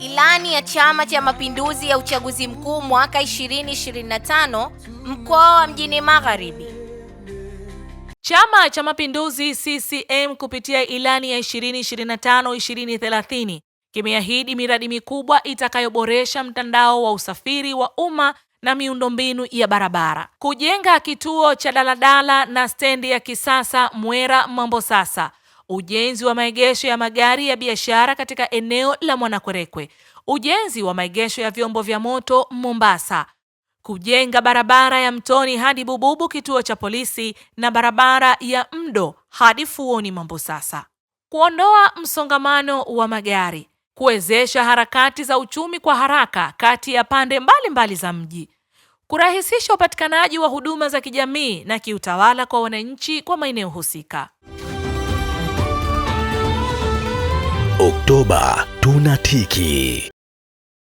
Ilani ya Chama cha Mapinduzi ya uchaguzi mkuu mwaka 2025 mkoa wa Mjini Magharibi. Chama cha Mapinduzi CCM kupitia ilani ya 2025-2030 kimeahidi miradi mikubwa itakayoboresha mtandao wa usafiri wa umma na miundombinu ya barabara, kujenga kituo cha daladala na stendi ya kisasa Mwera mambo sasa ujenzi wa maegesho ya magari ya biashara katika eneo la Mwanakwerekwe, ujenzi wa maegesho ya vyombo vya moto Mombasa, kujenga barabara ya Mtoni hadi Bububu kituo cha polisi na barabara ya Mdo hadi Fuoni Sasa, kuondoa msongamano wa magari, kuwezesha harakati za uchumi kwa haraka kati ya pande mbalimbali mbali za mji, kurahisisha upatikanaji wa huduma za kijamii na kiutawala kwa wananchi kwa maeneo husika. Oktoba tunatiki.